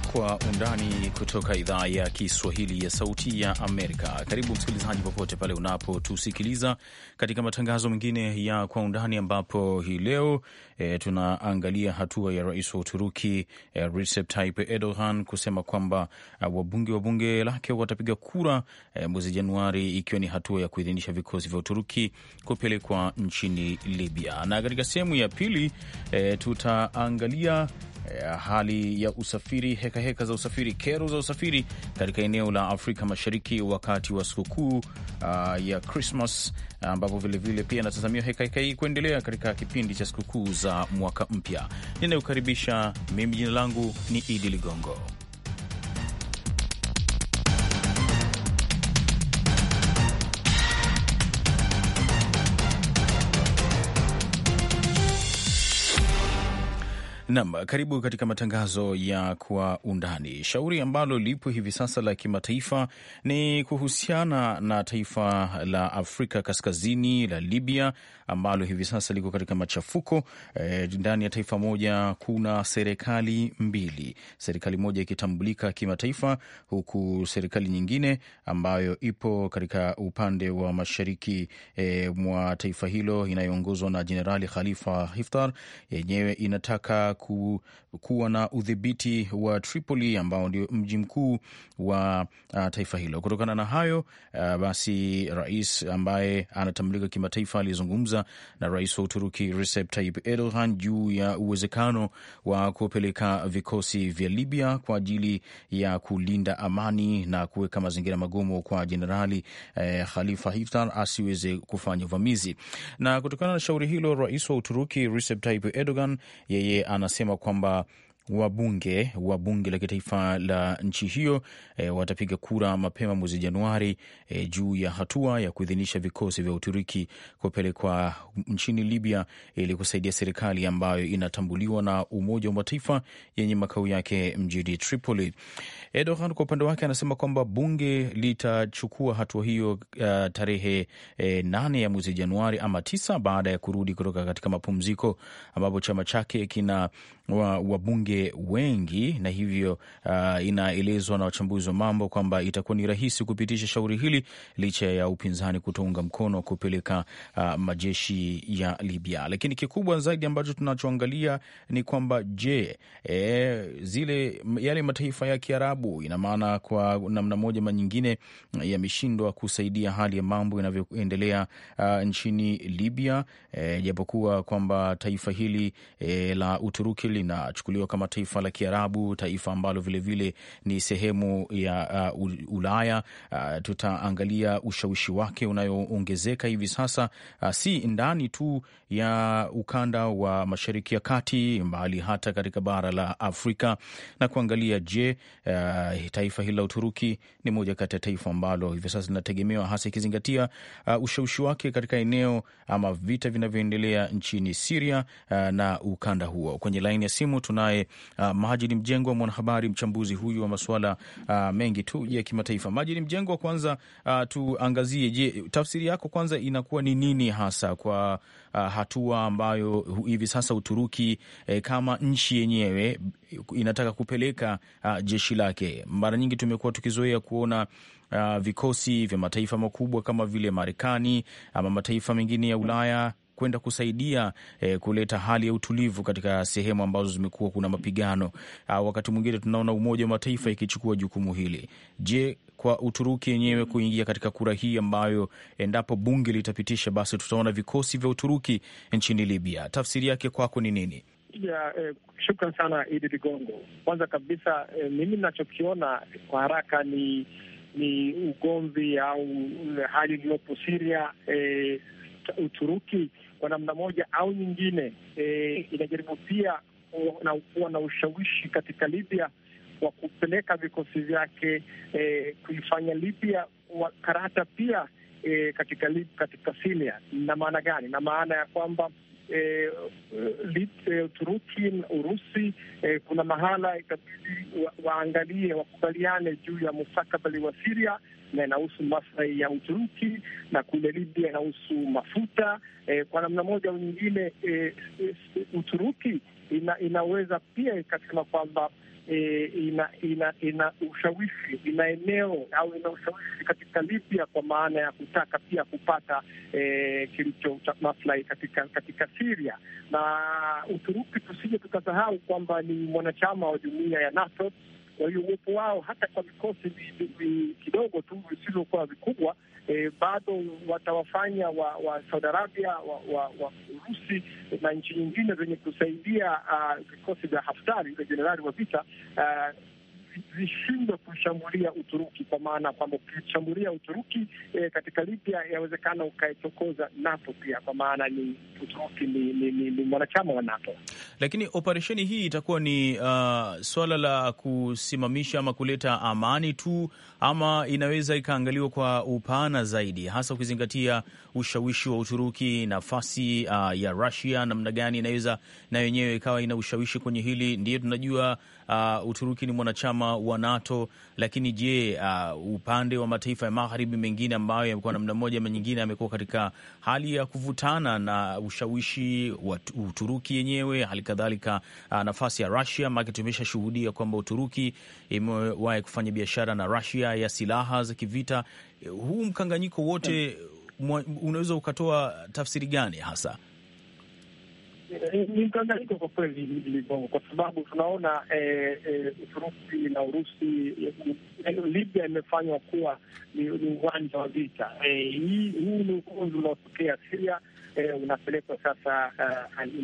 Kwa Undani kutoka idhaa ya Kiswahili ya Sauti ya Amerika. Karibu msikilizaji, popote pale unapotusikiliza katika matangazo mengine ya Kwa Undani, ambapo hii leo e, tunaangalia hatua ya rais wa Uturuki e, Recep Tayyip Erdogan kusema kwamba e, wabunge wa bunge lake watapiga kura e, mwezi Januari, ikiwa ni hatua ya kuidhinisha vikosi vya Uturuki kupelekwa nchini Libya. Na katika sehemu ya pili e, tutaangalia Eh, hali ya usafiri, hekaheka heka za usafiri, kero za usafiri katika eneo la Afrika Mashariki wakati wa sikukuu uh, ya Krismas ambapo vilevile pia natazamia hekaheka hii kuendelea katika kipindi cha sikukuu za mwaka mpya. Ninayokaribisha mimi, jina langu ni Idi Ligongo Nam, karibu katika matangazo ya kwa undani. Shauri ambalo lipo hivi sasa la kimataifa ni kuhusiana na taifa la Afrika Kaskazini la Libya ambalo hivi sasa liko katika machafuko. E, ndani ya taifa moja kuna serikali mbili, serikali moja ikitambulika kimataifa, huku serikali nyingine ambayo ipo katika upande wa mashariki e, mwa taifa hilo inayoongozwa na Jenerali Khalifa Haftar yenyewe inataka ku, kuwa na udhibiti wa Tripoli ambao ndio mji mkuu wa uh, taifa hilo. Kutokana na hayo uh, basi rais ambaye anatambulika kimataifa alizungumza na rais wa Uturuki Recep Tayyip Erdogan juu ya uwezekano wa kupeleka vikosi vya Libya kwa ajili ya kulinda amani na kuweka mazingira magumu kwa jenerali eh, Khalifa Haftar asiweze kufanya uvamizi. Na kutokana na shauri hilo, rais wa Uturuki Recep Tayyip Erdogan yeye ana anasema kwamba wabunge wa bunge la kitaifa la nchi hiyo e, watapiga kura mapema mwezi Januari e, juu ya hatua ya kuidhinisha vikosi vya Uturuki kupelekwa nchini Libya ili kusaidia serikali ambayo inatambuliwa na Umoja wa Mataifa yenye makao yake mjini Tripoli. Erdogan kwa upande wake anasema kwamba bunge litachukua hatua hiyo uh, tarehe e, nane ya mwezi Januari ama tisa baada ya kurudi kutoka katika mapumziko ambapo chama chake kina wabunge wa ndege wengi, na hivyo uh, inaelezwa na wachambuzi wa mambo kwamba itakuwa ni rahisi kupitisha shauri hili licha ya upinzani kutounga mkono kupeleka uh, majeshi ya Libya. Lakini kikubwa zaidi ambacho tunachoangalia ni kwamba je, e, zile yale mataifa ya Kiarabu ina maana kwa namna moja ama nyingine yameshindwa kusaidia hali ya mambo inavyoendelea uh, nchini Libya, eh, japokuwa e, kwamba taifa hili e, la Uturuki linachukuliwa kama kama taifa la Kiarabu, taifa ambalo vilevile ni sehemu ya uh, Ulaya. Uh, tutaangalia ushawishi wake unayoongezeka hivi sasa, uh, si ndani tu ya ukanda wa Mashariki ya Kati, mbali hata katika bara la Afrika na kuangalia je, uh, taifa hili la Uturuki ni moja kati ya taifa ambalo hivi sasa linategemewa hasa ikizingatia uh, ushawishi wake katika eneo ama vita vinavyoendelea nchini Siria uh, na ukanda huo. Kwenye laini ya simu tunaye uh, Majid Mjengwa, mwanahabari mchambuzi huyu wa masuala uh, ah, mengi tu ya kimataifa. majini Mjengwa, kwanza uh, tuangazie, je, tafsiri yako kwanza inakuwa ni nini hasa kwa uh, hatua ambayo hivi sasa Uturuki eh, kama nchi yenyewe inataka kupeleka uh, jeshi lake. Mara nyingi tumekuwa tukizoea kuona Uh, vikosi vya mataifa makubwa kama vile Marekani ama mataifa mengine ya Ulaya kwenda kusaidia eh, kuleta hali ya utulivu katika sehemu ambazo zimekuwa kuna mapigano. Uh, wakati mwingine tunaona Umoja wa Mataifa ikichukua jukumu hili. Je, kwa Uturuki yenyewe kuingia katika kura hii ambayo endapo bunge litapitisha, basi tutaona vikosi vya Uturuki nchini Libya, tafsiri yake kwako ni nini? Ya, eh, shukran sana Idi Ligongo. Kwanza kabisa eh, mimi nachokiona kwa haraka ni ni ugomvi au eh, hali iliyopo Siria eh, Uturuki kwa namna moja au nyingine e, inajaribu pia na kuwa na ushawishi katika Libya wa kupeleka vikosi vyake e, kuifanya Libya karata pia e, katika, katika Siria. Na maana gani? Na maana ya kwamba e, e, Uturuki, Urusi e, kuna mahala itabidi wa, waangalie wakubaliane juu ya mustakabali wa Siria na inahusu maslahi ya Uturuki na kule Libya inahusu mafuta e, kwa namna moja au nyingine e, e, Uturuki ina, inaweza pia ikasema kwamba e, ina ina ina ushawishi ina eneo au ina ushawishi katika Libya kwa maana ya kutaka pia kupata e, kilicho cha maslahi katika katika Siria na Uturuki. Tusije tukasahau kwamba ni mwanachama wa jumuiya ya NATO kwa hiyo uwepo wao hata kwa vikosi kidogo tu visivyokuwa vikubwa e, bado watawafanya wa, wa Saudi Arabia wa, wa, wa Urusi na nchi nyingine zenye kusaidia vikosi uh, vya Haftari vya jenerali wa vita uh, zishindwe kushambulia Uturuki, kwa maana kwamba ukishambulia Uturuki e, katika Libya yawezekana ukaichokoza NATO pia, kwa maana ni Uturuki ni, ni, ni, ni mwanachama wa NATO. Lakini operesheni hii itakuwa ni uh, swala la kusimamisha ama kuleta amani tu, ama inaweza ikaangaliwa kwa upana zaidi, hasa ukizingatia ushawishi wa Uturuki, nafasi uh, ya Russia, namna gani inaweza na yenyewe ikawa ina ushawishi kwenye hili. Ndiyo tunajua uh, Uturuki ni mwanachama wa NATO, lakini je, uh, upande wa mataifa ya magharibi mengine ambayo yamekuwa namna moja ama nyingine amekuwa katika hali ya kuvutana na ushawishi wa Uturuki yenyewe, hali kadhalika uh, nafasi ya make tumesha tumeshashuhudia kwamba Uturuki imewahi kufanya biashara na rasia ya silaha za kivita. Huu mkanganyiko wote unaweza ukatoa tafsiri gani hasa? ni mkanganyiko kwa kweli ligongo, kwa sababu tunaona eh, eh, Uturuki na Urusi eh, Libya imefanywa kuwa ni uwanja wa vita. Huu ni ugonzi unaotokea Siria unapelekwa sasa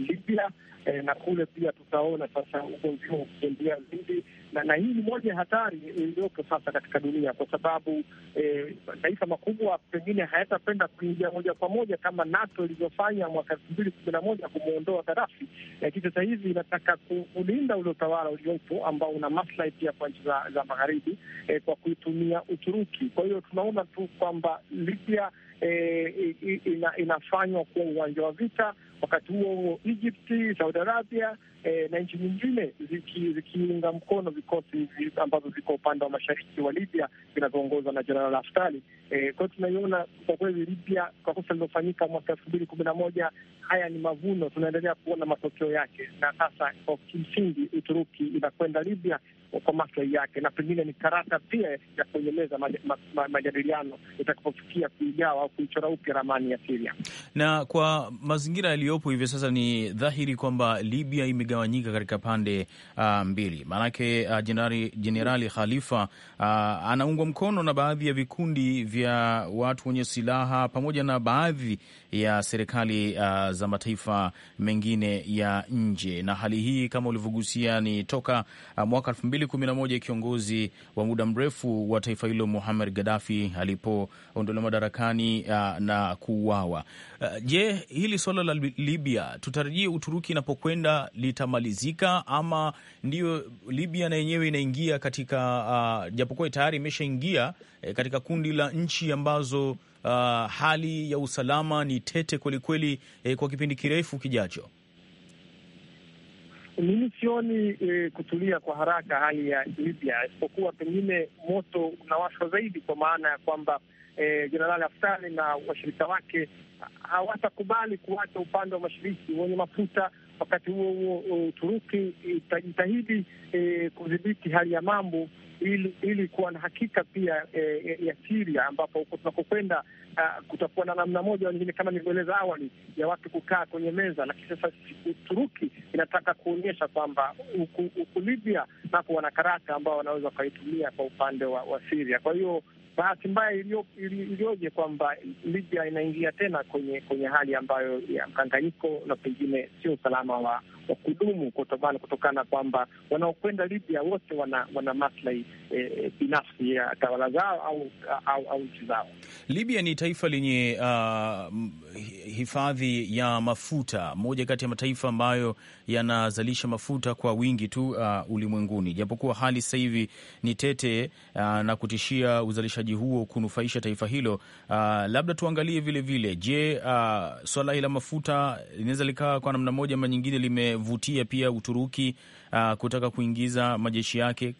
Libya e, na kule pia tutaona sasa ugonjwa huu ukiendelea zaidi, na, na hii ni moja ya hatari iliyopo sasa katika dunia, kwa sababu e, mataifa e, makubwa pengine hayatapenda kuingia moja kwa moja kama NATO ilivyofanya mwaka elfu mbili kumi na moja kumwondoa Gaddafi, lakini sasa hivi inataka kulinda ule utawala uliopo ambao una maslahi pia kwa nchi za, za magharibi e, kwa kuitumia Uturuki. Kwa hiyo tunaona tu kwamba Libya e, ina, inafanywa kuwa uwanja wa vita Wakati huo huo, Egypt, Saudi Arabia e, na nchi nyingine zikiunga ziki mkono vikosi ambavyo viko upande wa mashariki wa Libya vinavyoongozwa na Jenerali Haftari. E, eh, kwa hiyo tunaiona kwa kweli Libya kwa kosa lilofanyika mwaka elfu mbili kumi na moja, haya ni mavuno, tunaendelea kuona matokeo yake, na sasa kimsingi Uturuki inakwenda Libya kwa maslahi yake, na pengine ni karata pia ya kuendeleza majadiliano ma, ma, itakapofikia kuigawa au kuichora upya ramani ya Siria. Na kwa mazingira yaliyopo hivi sasa, ni dhahiri kwamba Libya imegawanyika katika pande uh, mbili. Maanake uh, jenerali jenerali Khalifa uh, anaungwa mkono na baadhi ya vikundi vya watu wenye silaha pamoja na baadhi ya serikali uh, za mataifa mengine ya nje. Na hali hii kama ulivyogusia ni toka uh, mwaka elfu mbili kumi na moja kiongozi wa muda mrefu wa taifa hilo muhamed gadafi alipoondolewa madarakani uh, na kuuawa. Uh, je, hili suala la Libya tutarajie Uturuki inapokwenda litamalizika ama ndiyo Libya na yenyewe inaingia katika uh, japokuwa tayari imeshaingia eh, katika kundi la nchi ambazo uh, hali ya usalama ni tete kwelikweli eh, kwa kipindi kirefu kijacho? Mimi sioni e, kutulia kwa haraka hali ya Libya, isipokuwa pengine moto unawashwa zaidi, kwa maana ya kwamba eh, Jenerali aftari Haftari na washirika wake hawatakubali kuacha upande wa mashariki wenye mafuta. Wakati huo huo eh, Uturuki itajitahidi e, kudhibiti hali ya mambo ili ili kuwa na hakika pia e, e ya Siria ambapo huko tunakokwenda kutakuwa na namna moja nyingine, kama nilivyoeleza awali, ya watu kukaa kwenye meza. Lakini sasa Uturuki inataka kuonyesha kwamba huku Libya napo wana karata ambao wanaweza wakaitumia kwa upande wa, wa Siria. Kwa hiyo bahati mbaya iliyoje kwamba Libya inaingia tena kwenye kwenye hali ambayo ya mkanganyiko na pengine sio usalama wa wa kudumu kutokana kutokana kwamba wanaokwenda Libya wote wana, wana maslahi e, binafsi ya tawala zao au, au, au nchi zao. Libya ni taifa lenye uh, hifadhi ya mafuta, moja kati ya mataifa ambayo yanazalisha mafuta kwa wingi tu uh, ulimwenguni, japokuwa hali sasa hivi ni tete uh, na kutishia uzalishaji huo kunufaisha taifa hilo uh, labda tuangalie vilevile vile. Je, uh, swala hili la mafuta linaweza likawa kwa namna moja ama nyingine lime imevutia pia Uturuki uh, kutaka kuingiza majeshi yake?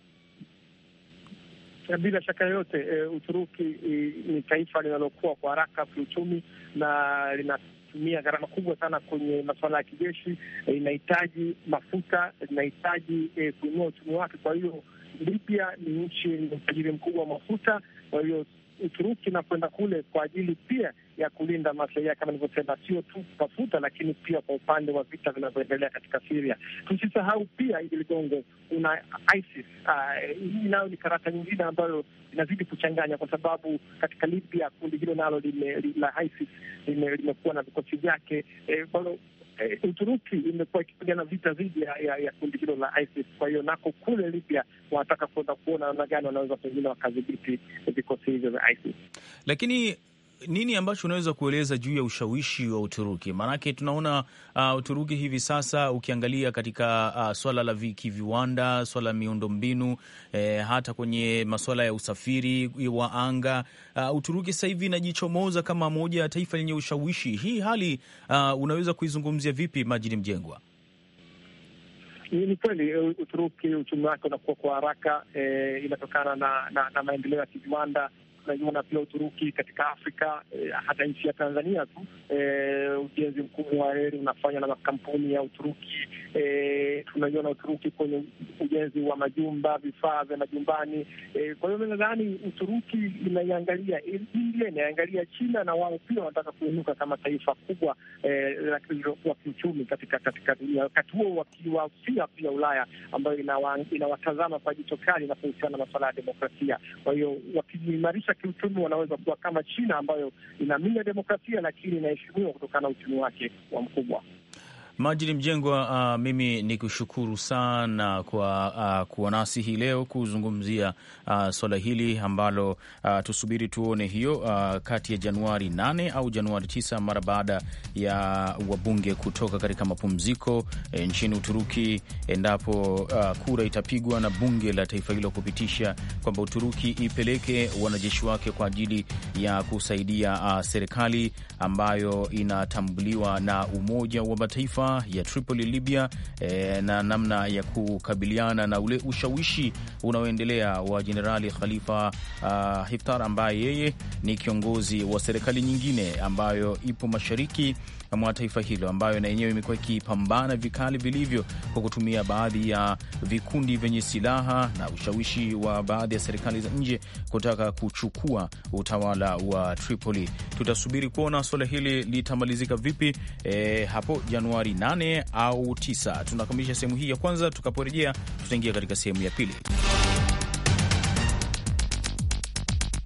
Eh, bila shaka yoyote e, Uturuki i, ni taifa linalokuwa kwa haraka kiuchumi na linatumia gharama kubwa sana kwenye masuala ya kijeshi. Eh, inahitaji mafuta, inahitaji e, kuinua uchumi wake. Kwa hiyo Libya ni nchi yenye utajiri mkubwa wa mafuta. Kwa hiyo Uturuki na kwenda kule kwa ajili pia ya kulinda maslahi kama nilivyosema, sio tu kutafuta, lakini pia kwa upande wa vita vinavyoendelea katika Siria. Tusisahau pia hivi ligongo, kuna ISIS. Hii uh, ah, nayo ni karata nyingine ambayo inazidi kuchanganya, kwa sababu katika Libya kundi hilo nalo la ISIS limekuwa na vikosi vyake eh, Uturuki imekuwa ikipigana vita dhidi ya, ya, ya kundi hilo la ISIS. Kwa hiyo nako kule Libya wanataka kuenda kuona namna gani wanaweza pengine wakadhibiti vikosi hivyo vya ISIS. Lakini nini ambacho unaweza kueleza juu ya ushawishi wa Uturuki? Maanake tunaona uh, Uturuki hivi sasa ukiangalia katika uh, swala la kiviwanda, swala la miundombinu eh, hata kwenye masuala ya usafiri wa anga uh, Uturuki sasa hivi inajichomoza kama moja ya taifa lenye ushawishi. Hii hali uh, unaweza kuizungumzia vipi, Majini Mjengwa? Ni kweli e, Uturuki uchumi wake unakuwa kwa haraka eh, inatokana na, na, na maendeleo ya kiviwanda tunaiona pia Uturuki katika Afrika eh, hata nchi ya Tanzania tu eh, ujenzi mkubwa wa reli unafanywa na makampuni ya Uturuki. Eh, tunaiona Uturuki kwenye ujenzi wa majumba, vifaa vya majumbani eh, kwa hiyo nadhani Uturuki inaiangalia India, inaiangalia China na wao pia wanataka kuinuka kama taifa kubwa eh, e, kiuchumi katika katika dunia, wakati huo wakiwafia pia Ulaya ambayo inawatazama ina kwa jicho kali inapohusiana na masuala ya demokrasia. Kwa hiyo wakijiimarisha kiuchumi wanaweza kuwa kama China ambayo inaminya demokrasia, lakini inaheshimiwa kutokana na uchumi wake wa mkubwa. Majini Mjengwa, uh, mimi ni kushukuru sana kwa uh, kuwa nasi hii leo kuzungumzia uh, swala hili ambalo uh, tusubiri tuone hiyo uh, kati ya Januari 8 au Januari 9 mara baada ya wabunge kutoka katika mapumziko e, nchini Uturuki endapo uh, kura itapigwa na bunge la taifa hilo kupitisha kwamba Uturuki ipeleke wanajeshi wake kwa ajili ya kusaidia uh, serikali ambayo inatambuliwa na Umoja wa Mataifa ya Tripoli, Libya, e, na namna ya kukabiliana na ule ushawishi unaoendelea wa Jenerali Khalifa uh, ah, Hiftar ambaye yeye ni kiongozi wa serikali nyingine ambayo ipo mashariki mwa taifa hilo, ambayo na yenyewe imekuwa ikipambana vikali vilivyo kwa kutumia baadhi ya vikundi vyenye silaha na ushawishi wa baadhi ya serikali za nje kutaka kuchukua utawala wa Tripoli. Tutasubiri kuona suala hili litamalizika vipi e, hapo Januari 8 au 9. Tunakamilisha sehemu hii ya kwanza, tukaporejea tutaingia katika sehemu ya pili.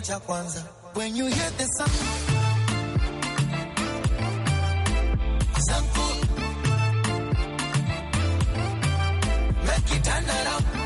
kwanza. When you hear the sound Make it turn around.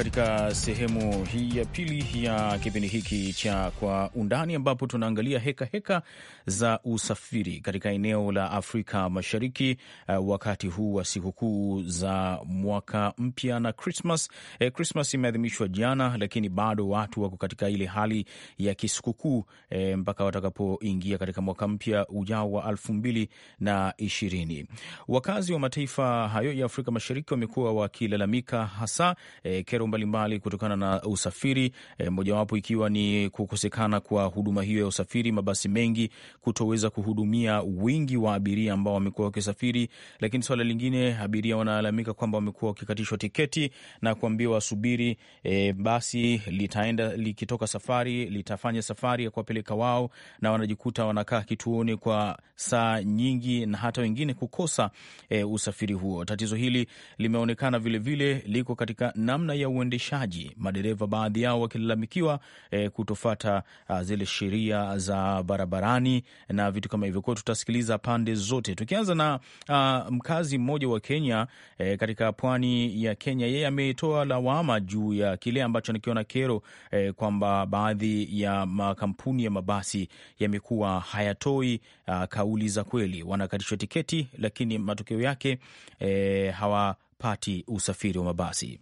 katika sehemu hii ya pili ya kipindi hiki cha Kwa Undani, ambapo tunaangalia hekaheka heka za usafiri katika eneo la Afrika Mashariki uh, wakati huu wa sikukuu za mwaka mpya na Krismas. Eh, imeadhimishwa jana, lakini bado watu wako katika ile hali ya kisikukuu eh, mpaka watakapoingia katika mwaka mpya ujao wa elfu mbili na ishirini. Wakazi wa mataifa hayo ya Afrika Mashariki wamekuwa wakilalamika hasa eh, kero mbalimbali kutokana na usafiri e, mojawapo ikiwa ni kukosekana kwa huduma hiyo ya usafiri, mabasi mengi kutoweza kuhudumia wingi wa abiria ambao wamekuwa wakisafiri. Lakini swala lingine, abiria wanalalamika kwamba wamekuwa wakikatishwa tiketi na kuambiwa wasubiri, e, basi litaenda likitoka safari litafanya safari ya kuwapeleka wao, na wanajikuta wanakaa kituoni kwa saa nyingi na hata wengine kukosa e, usafiri huo. Tatizo hili limeonekana vilevile liko katika namna ya uendeshaji, madereva baadhi yao wakilalamikiwa eh, kutofata a, ah, zile sheria za barabarani na vitu kama hivyo. Kwao tutasikiliza pande zote, tukianza na a, ah, mkazi mmoja wa Kenya eh, katika pwani ya Kenya. Yeye ametoa lawama juu ya kile ambacho nikiona kero eh, kwamba baadhi ya makampuni ya mabasi yamekuwa hayatoi a, ah, kauli za kweli, wanakatishwa tiketi lakini matokeo yake eh, hawapati usafiri wa mabasi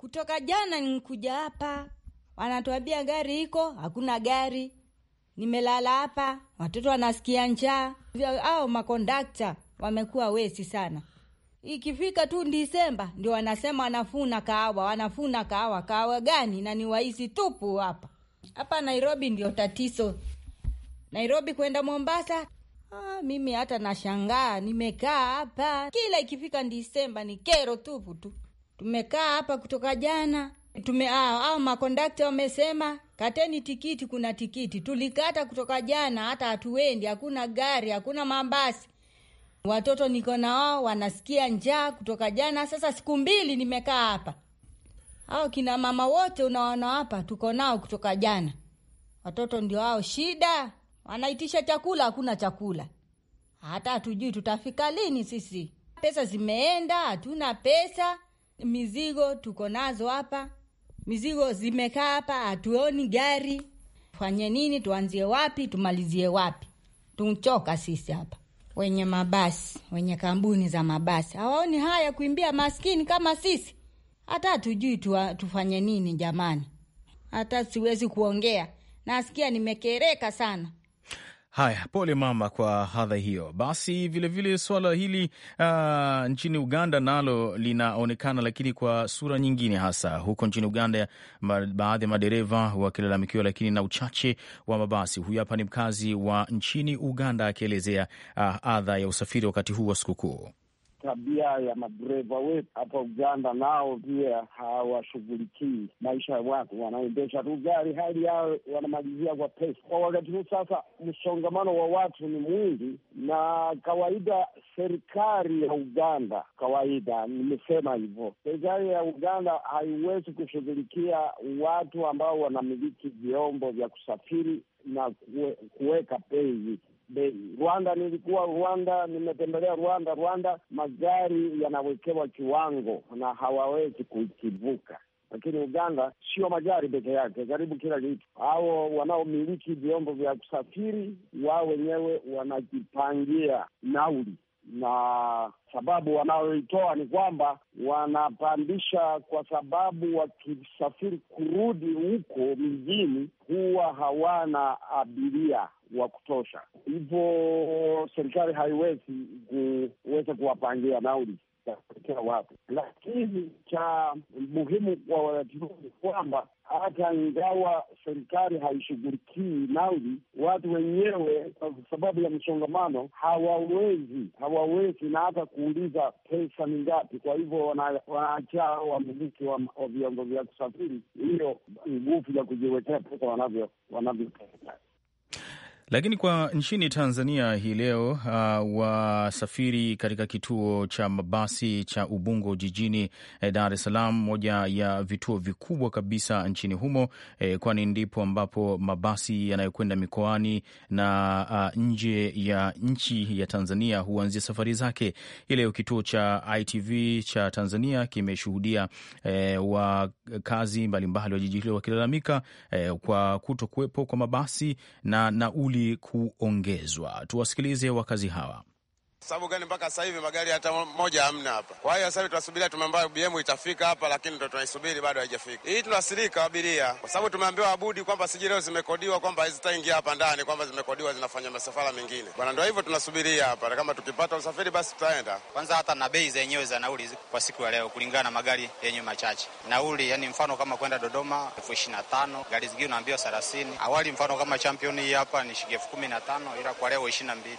kutoka jana nikuja hapa, wanatuambia gari iko, hakuna gari, nimelala hapa, watoto wanasikia njaa. Au makondakta wamekuwa wesi sana. Ikifika tu Disemba ndio wanasema wanafuna kahawa, wanafuna kahawa. Kahawa gani? na ni wahisi tupu hapa hapa Nairobi, ndio tatizo. Nairobi kwenda Mombasa. Ah, mimi hata nashangaa, nimekaa hapa, kila ikifika Disemba ni kero tupu tu tumekaa hapa kutoka jana tume au ah, au makondakta wamesema kateni tikiti, kuna tikiti. Tulikata kutoka jana, hata hatuendi, hakuna gari, hakuna mabasi. Watoto niko na wao wanasikia njaa kutoka jana, sasa siku mbili nimekaa hapa. Au kina mama wote unaona hapa tuko nao kutoka jana, watoto ndio hao shida, wanaitisha chakula, hakuna chakula, hata hatujui tutafika lini sisi. Pesa zimeenda, hatuna pesa mizigo tuko nazo hapa, mizigo zimekaa hapa, hatuoni gari. Fanye nini? Tuanzie wapi? Tumalizie wapi? tumchoka sisi hapa. Wenye mabasi, wenye kampuni za mabasi hawaoni haya kuimbia maskini kama sisi. Hata hatujui tufanye nini jamani, hata siwezi kuongea, nasikia nimekereka sana. Haya, pole mama kwa hadha hiyo. Basi vilevile suala hili uh, nchini Uganda nalo linaonekana, lakini kwa sura nyingine, hasa huko nchini Uganda baadhi ya madereva wakilalamikiwa, lakini na uchache wa mabasi. Huyu hapa ni mkazi wa nchini Uganda akielezea uh, adha ya usafiri wakati huu wa sikukuu tabia ya madereva wetu hapa Uganda, nao pia hawashughulikii maisha ya watu, wanaendesha tu gari hali yao, wanamalizia kwa pesa. Kwa wakati huu sasa, msongamano wa watu ni mwingi, na kawaida serikali ya Uganda, kawaida nimesema hivyo, serikali ya Uganda haiwezi kushughulikia watu ambao wanamiliki vyombo vya kusafiri na kuweka pei bei. Rwanda nilikuwa Rwanda, nimetembelea Rwanda. Rwanda magari yanawekewa kiwango na hawawezi kukivuka lakini Uganda sio magari peke yake, karibu kila kitu. Hao wanaomiliki vyombo vya kusafiri wao wenyewe wanajipangia nauli, na sababu wanayoitoa ni kwamba wanapandisha, kwa sababu wakisafiri kurudi huko mjini huwa hawana abiria wa kutosha, hivyo serikali haiwezi kuweza kuwapangia nauli kuelekea wapi, lakini cha muhimu kwa waratibu ni kwamba hata ingawa serikali haishughulikii nauli, watu wenyewe kwa sababu ya msongamano hawawezi hawawezi na hata kuuliza pesa ni ngapi. Kwa hivyo wanaacha wamiliki wa, wa vyombo vya kusafiri hiyo nguvu ya kujiwekea pesa wanavyopenda. Lakini kwa nchini Tanzania hii leo, uh, wasafiri katika kituo cha mabasi cha Ubungo jijini eh, Dar es Salaam, moja ya vituo vikubwa kabisa nchini humo eh, kwani ndipo ambapo mabasi yanayokwenda mikoani na uh, nje ya nchi ya Tanzania huanzia safari zake. Hii leo kituo cha ITV cha Tanzania kimeshuhudia eh, wakazi mbalimbali wa jiji hilo wakilalamika eh, kwa kuto kuwepo kwa mabasi na nauli kuongezwa. Tuwasikilize wakazi hawa. Sababu gani mpaka sasa hivi magari hata moja hamna hapa? Kwa hiyo sasa hivi tunasubiria, tumeambiwa BM itafika hapa, lakini ndo tunaisubiri bado haijafika. Hii tunasirika abiria, kwa sababu tumeambiwa abudi kwamba sijui leo zimekodiwa kwamba hazitaingia hapa ndani, kwamba zimekodiwa zinafanya masafara mengine bwana. Ndo hivyo tunasubiria hapa, kama tukipata usafiri basi tutaenda. Kwanza hata na bei zenyewe za nauli kwa siku ya leo kulingana na magari yenyewe machache nauli, yani mfano kama kwenda Dodoma elfu ishirini na tano gari zingine unaambiwa thelathini. Awali mfano kama champion hii hapa ni shilingi elfu kumi na tano ila kwa leo ishirini na mbili.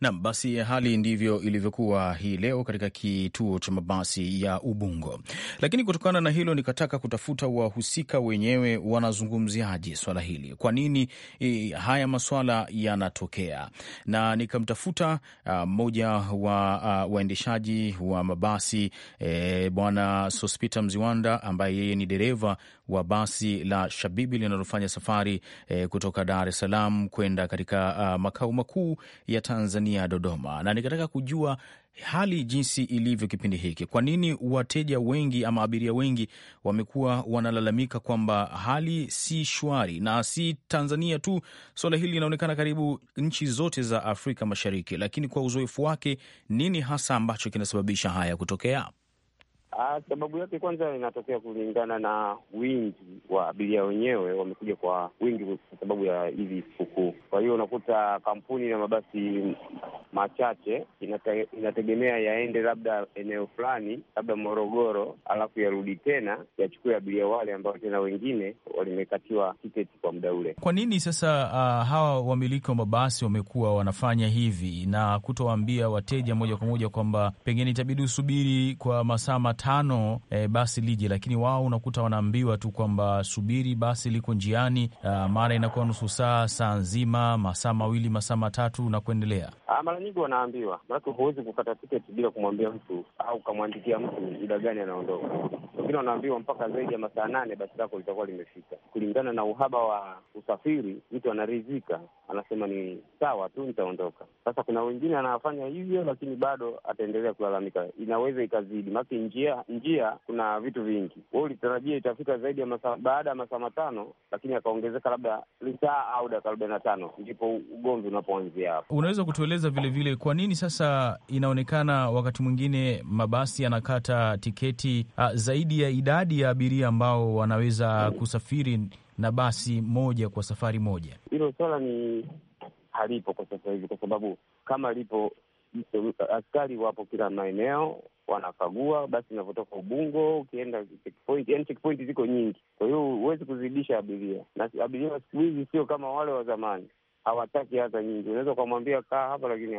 Nam, basi hali ndivyo ilivyokuwa hii leo katika kituo cha mabasi ya Ubungo. Lakini kutokana na hilo, nikataka kutafuta wahusika wenyewe wanazungumziaje swala hili, kwa nini eh, haya maswala yanatokea, na nikamtafuta mmoja wa a, waendeshaji wa mabasi e, Bwana Sospita Mziwanda ambaye yeye ni dereva wa basi la Shabibi linalofanya safari e, kutoka Dar es Salaam kwenda katika uh, makao makuu ya Tanzania Dodoma, na nikataka kujua hali jinsi ilivyo kipindi hiki. Kwa nini wateja wengi ama abiria wengi wamekuwa wanalalamika kwamba hali si shwari? Na si Tanzania tu, suala hili linaonekana karibu nchi zote za Afrika Mashariki, lakini kwa uzoefu wake, nini hasa ambacho kinasababisha haya kutokea? Ah, sababu yake kwanza inatokea kulingana na wingi wa abiria wenyewe, wamekuja kwa wingi kwa sababu ya hizi sikukuu. Kwa hiyo unakuta kampuni na mabasi machache inate, inategemea yaende labda eneo fulani, labda Morogoro, alafu yarudi tena yachukue abiria wale ambao tena wengine walimekatiwa tiketi kwa muda ule. Kwa nini sasa uh, hawa wamiliki wa mabasi wamekuwa wanafanya hivi na kutowaambia wateja moja kwa moja kwamba pengine itabidi usubiri kwa masaa tano e, eh, basi lije, lakini wao unakuta wanaambiwa tu kwamba subiri basi liko njiani. Ah, mara inakuwa nusu saa, saa nzima, masaa mawili, masaa matatu na kuendelea. Ah, mara nyingi wanaambiwa, manake huwezi kukata tiketi bila kumwambia mtu au ukamwandikia mtu muda gani anaondoka. Wengine wanaambiwa mpaka zaidi ya masaa nane basi lako litakuwa limefika. Kulingana na uhaba wa usafiri, mtu anaridhika, anasema ni sawa tu, nitaondoka. Sasa kuna wengine anafanya hivyo, lakini bado ataendelea kulalamika, inaweza ikazidi maki njia njia njia kuna vitu vingi. Wewe ulitarajia itafika zaidi ya masaa baada ya masaa matano, lakini akaongezeka labda lisaa au dakika arobaini na tano, ndipo ugomvi unapoanzia hapo. Unaweza kutueleza vilevile kwa nini sasa inaonekana wakati mwingine mabasi yanakata tiketi a, zaidi ya idadi ya abiria ambao wanaweza kusafiri na basi moja kwa safari moja? Hilo swala ni halipo kwa sasa hivi, kwa sababu kama lipo askari wapo kila maeneo wanakagua. Basi inavyotoka Ubungo ukienda checkpoint, yani checkpoint ziko nyingi, kwa hiyo huwezi kuzidisha abiria, na abiria siku hizi sio kama wale wa zamani hawataki hata nyingi. Unaweza ukamwambia kaa hapa, lakini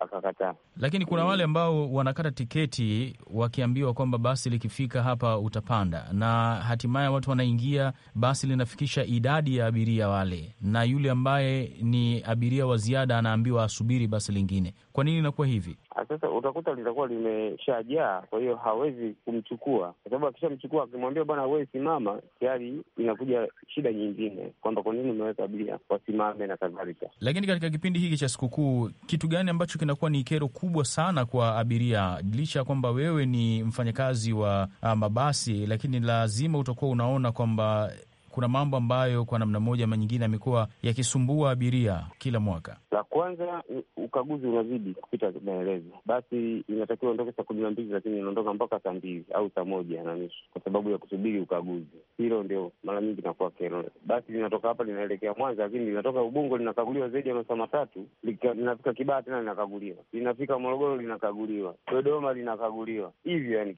akakataa. Lakini kuna wale ambao wanakata tiketi wakiambiwa kwamba basi likifika hapa utapanda, na hatimaye watu wanaingia, basi linafikisha idadi ya abiria wale, na yule ambaye ni abiria wa ziada anaambiwa asubiri basi lingine. Kwa nini inakuwa hivi? Ah, sasa utakuta litakuwa limeshajaa, kwa hiyo hawezi kumchukua, kwa sababu akishamchukua, akimwambia bwana, wewe simama, tayari inakuja shida nyingine, kwamba kwa nini umeweka abiria wasimame na kadhalika. Lakini katika kipindi hiki cha sikukuu, kitu gani ambacho kinakuwa ni kero kubwa sana kwa abiria, licha ya kwamba wewe ni mfanyakazi wa ah, mabasi, lakini lazima utakuwa unaona kwamba kuna mambo ambayo kwa namna moja ama nyingine yamekuwa yakisumbua abiria kila mwaka. La kwanza, ukaguzi unazidi kupita maelezo. Basi inatakiwa ondoke saa kumi na mbili, lakini inaondoka mpaka saa mbili au saa moja na nusu kwa sababu ya kusubiri ukaguzi. Hilo ndio mara nyingi inakuwa kero. Basi linatoka hapa linaelekea Mwanza, lakini linatoka Ubungo linakaguliwa zaidi ya masaa matatu, linafika Kibaha tena linakaguliwa, linafika Morogoro linakaguliwa, Dodoma linakaguliwa, hivyo yani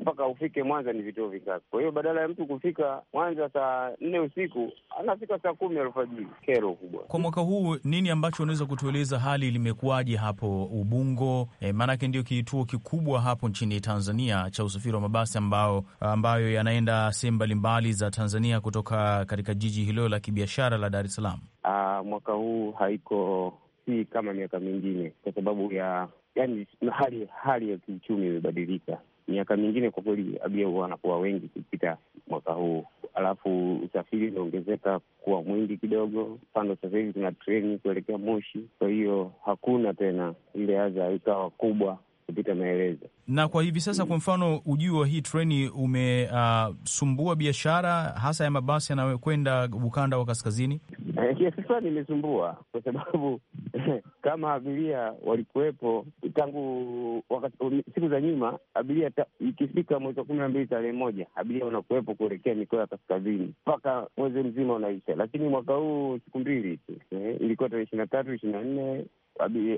mpaka ufike Mwanza. Ni vituo vingapi Kwa hiyo badala ya mtu kufika Mwanza saa nne usiku anafika saa kumi alfajiri. Kero kubwa kwa mwaka huu. Nini ambacho unaweza kutueleza, hali limekuwaje hapo Ubungo? E, maanake ndio kituo kikubwa hapo nchini Tanzania cha usafiri wa mabasi ambao ambayo yanaenda sehemu mbalimbali za Tanzania kutoka katika jiji hilo la kibiashara la Dar es Salaam. Ah, mwaka huu haiko si kama miaka mingine kwa sababu ya yani, hali hali ya kiuchumi imebadilika. Miaka mingine kwa kweli abiria wanakuwa wengi kupita mwaka huu alafu usafiri unaongezeka kuwa mwingi kidogo. Mfano, sasa hivi tuna treni kuelekea Moshi, kwa hiyo hakuna tena ile adha ikawa kubwa kupita maelezo. Na kwa hivi sasa, kwa mfano, ujio wa hii treni umesumbua ah, uh, biashara hasa ya mabasi yanayokwenda ukanda wa kaskazini eh, kiasi nimesumbua kwa sababu kama abiria walikuwepo tangu wakati, um, siku za nyuma, abiria ikifika mwezi wa kumi na mbili tarehe moja abiria wanakuwepo kuelekea mikoa ya kaskazini mpaka mwezi mzima unaisha, lakini mwaka huu siku mbili tu eh, ilikuwa tarehe ishirini na tatu ishirini na nne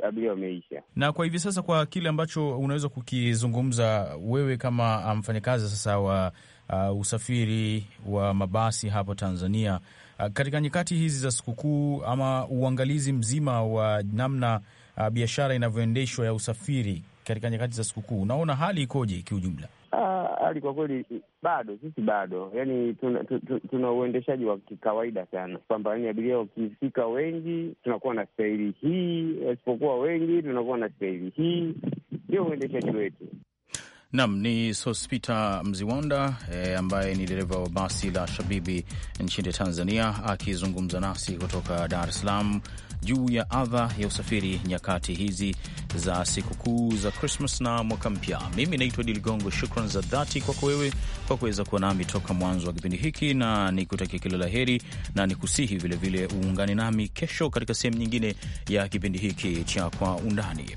abiria wameisha. Na kwa hivi sasa, kwa kile ambacho unaweza kukizungumza wewe kama ah, mfanyakazi sasa wa uh, usafiri wa mabasi hapo Tanzania, uh, katika nyakati hizi za sikukuu ama uangalizi mzima wa namna uh, biashara inavyoendeshwa ya usafiri katika nyakati za sikukuu, unaona hali ikoje kiujumla? hali kwa kweli mm, bado, sisi bado, yani tuna, tuna uendeshaji wa kikawaida sana, kwamba yani abiria wakifika wengi tunakuwa na staili hii, wasipokuwa wengi tunakuwa na staili hii, ndio uendeshaji wetu. Nam ni Sospita Mziwanda e, ambaye ni dereva wa basi la Shabibi nchini Tanzania akizungumza nasi kutoka Dar es Salaam juu ya adha ya usafiri nyakati hizi za sikukuu za Krismas na mwaka mpya. Mimi naitwa Idi Ligongo, shukran za dhati kwako wewe kwa kuweza kuwa nami toka mwanzo wa kipindi hiki, na nikutakia kila la heri na nikusihi vilevile uungane nami kesho katika sehemu nyingine ya kipindi hiki cha Kwa Undani.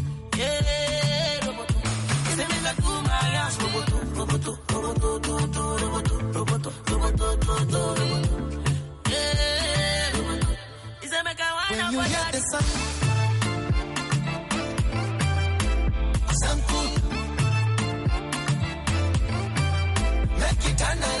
Sangkut Make it